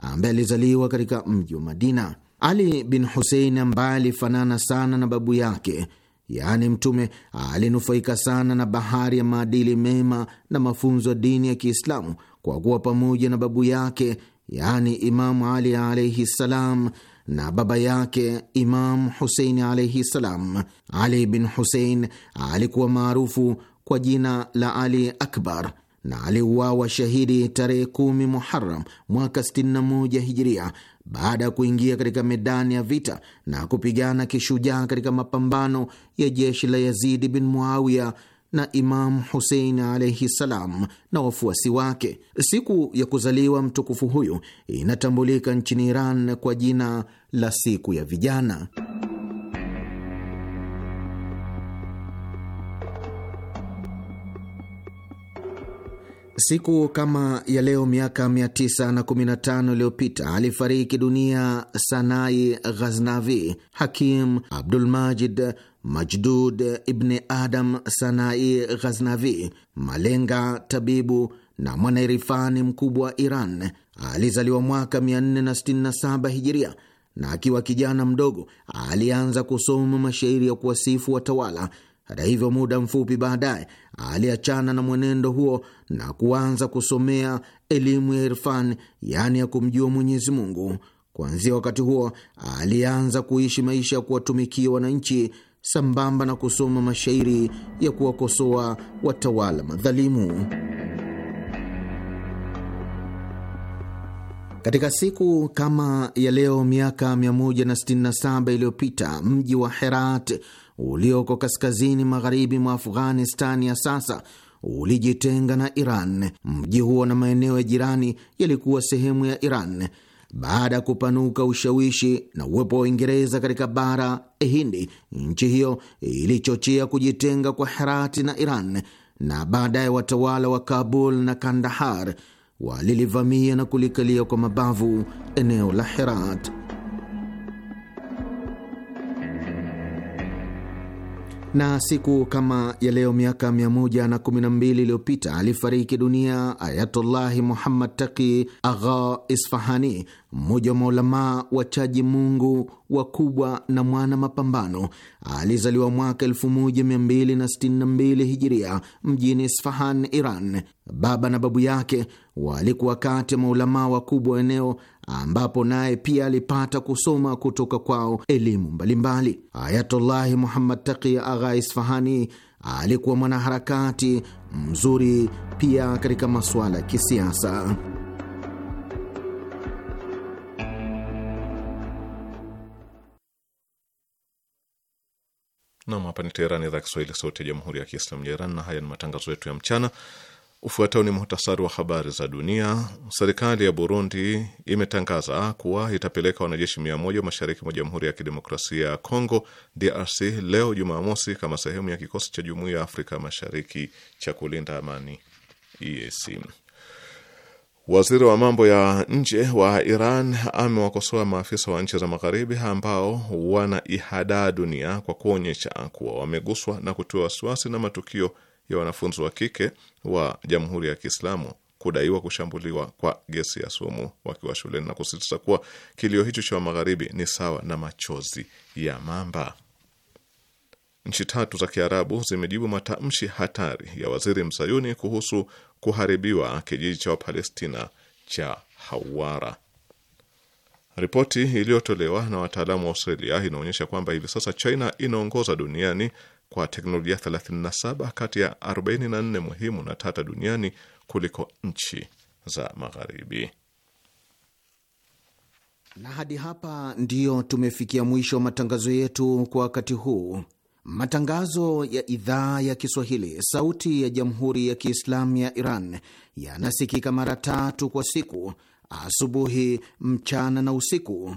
ambaye alizaliwa katika mji wa Madina. Ali bin Husein ambaye alifanana sana na babu yake yaani Mtume alinufaika sana na bahari ya maadili mema na mafunzo ya dini ya Kiislamu kwa kuwa pamoja na babu yake yani Imamu Ali alaihi ssalam na baba yake Imamu Husein alaihi ssalam, Ali bin Husein alikuwa maarufu kwa jina la Ali Akbar na aliuawa shahidi tarehe kumi Muharam mwaka 61 Hijiria, baada ya kuingia katika medani ya vita na kupigana kishujaa katika mapambano ya jeshi la Yazidi bin Muawiya na imam Husein alaihi ssalam na wafuasi wake. Siku ya kuzaliwa mtukufu huyu inatambulika nchini Iran kwa jina la siku ya vijana. Siku kama ya leo miaka 915 iliyopita alifariki dunia Sanai Ghaznavi. Hakim Abdulmajid Majdud Ibni Adam Sanai Ghaznavi, malenga, tabibu na mwanairifani mkubwa wa Iran, alizaliwa mwaka 467 Hijiria, na akiwa kijana mdogo alianza kusoma mashairi ya kuwasifu watawala. Hata hivyo, muda mfupi baadaye aliachana na mwenendo huo na kuanza kusomea elimu ya irfan, yaani ya kumjua Mwenyezi Mungu. Kuanzia wakati huo alianza kuishi maisha ya kuwatumikia wananchi sambamba na kusoma mashairi ya kuwakosoa watawala madhalimu. Katika siku kama ya leo miaka 167 iliyopita mji wa Herat ulioko kaskazini magharibi mwa Afghanistani ya sasa ulijitenga na Iran. Mji huo na maeneo ya jirani yalikuwa sehemu ya Iran baada ya kupanuka ushawishi na uwepo wa Uingereza katika bara e Hindi, nchi hiyo ilichochea kujitenga kwa Herati na Iran, na baadaye watawala wa Kabul na Kandahar walilivamia na kulikalia kwa mabavu eneo la Herat. na siku kama ya leo miaka 112 iliyopita alifariki dunia Ayatullahi Muhammad Taki Agha Isfahani, mmoja wa maulamaa wachaji Mungu wakubwa na mwana mapambano. Alizaliwa mwaka 1262 hijiria mjini Isfahan, Iran. Baba na babu yake walikuwa kati ya maulamaa wakubwa wa eneo ambapo naye pia alipata kusoma kutoka kwao elimu mbalimbali. Ayatullahi Muhammad Taqi Agha Isfahani alikuwa mwanaharakati mzuri pia katika masuala ya kisiasa. Nam, hapa ni Teherani, idhaa Kiswahili, sauti ya jamhuri ya kiislamu ya Iran, na haya ni matangazo yetu ya mchana. Ufuatao ni muhtasari wa habari za dunia. Serikali ya Burundi imetangaza kuwa itapeleka wanajeshi mia moja mashariki mwa Jamhuri ya Kidemokrasia ya Kongo, DRC, leo Jumamosi, kama sehemu ya kikosi cha Jumuiya ya Afrika Mashariki cha kulinda amani, EAC. Waziri wa mambo ya nje wa Iran amewakosoa maafisa wa nchi za Magharibi ambao wanaihadaa dunia kwa kuonyesha kuwa wameguswa na kutoa wasiwasi na matukio ya wanafunzi wa kike wa Jamhuri ya Kiislamu kudaiwa kushambuliwa kwa gesi ya sumu wakiwa shuleni na kusisitiza kuwa kilio hicho cha magharibi ni sawa na machozi ya mamba. Nchi tatu za Kiarabu zimejibu matamshi hatari ya waziri msayuni kuhusu kuharibiwa kijiji cha Wapalestina cha Hawara. Ripoti iliyotolewa na wataalamu wa Australia inaonyesha kwamba hivi sasa China inaongoza duniani kwa teknolojia 37 kati ya 44 muhimu na tata duniani kuliko nchi za Magharibi. Na hadi hapa ndiyo tumefikia mwisho wa matangazo yetu kwa wakati huu. Matangazo ya idhaa ya Kiswahili, sauti ya jamhuri ya kiislamu ya Iran yanasikika mara tatu kwa siku: asubuhi, mchana na usiku.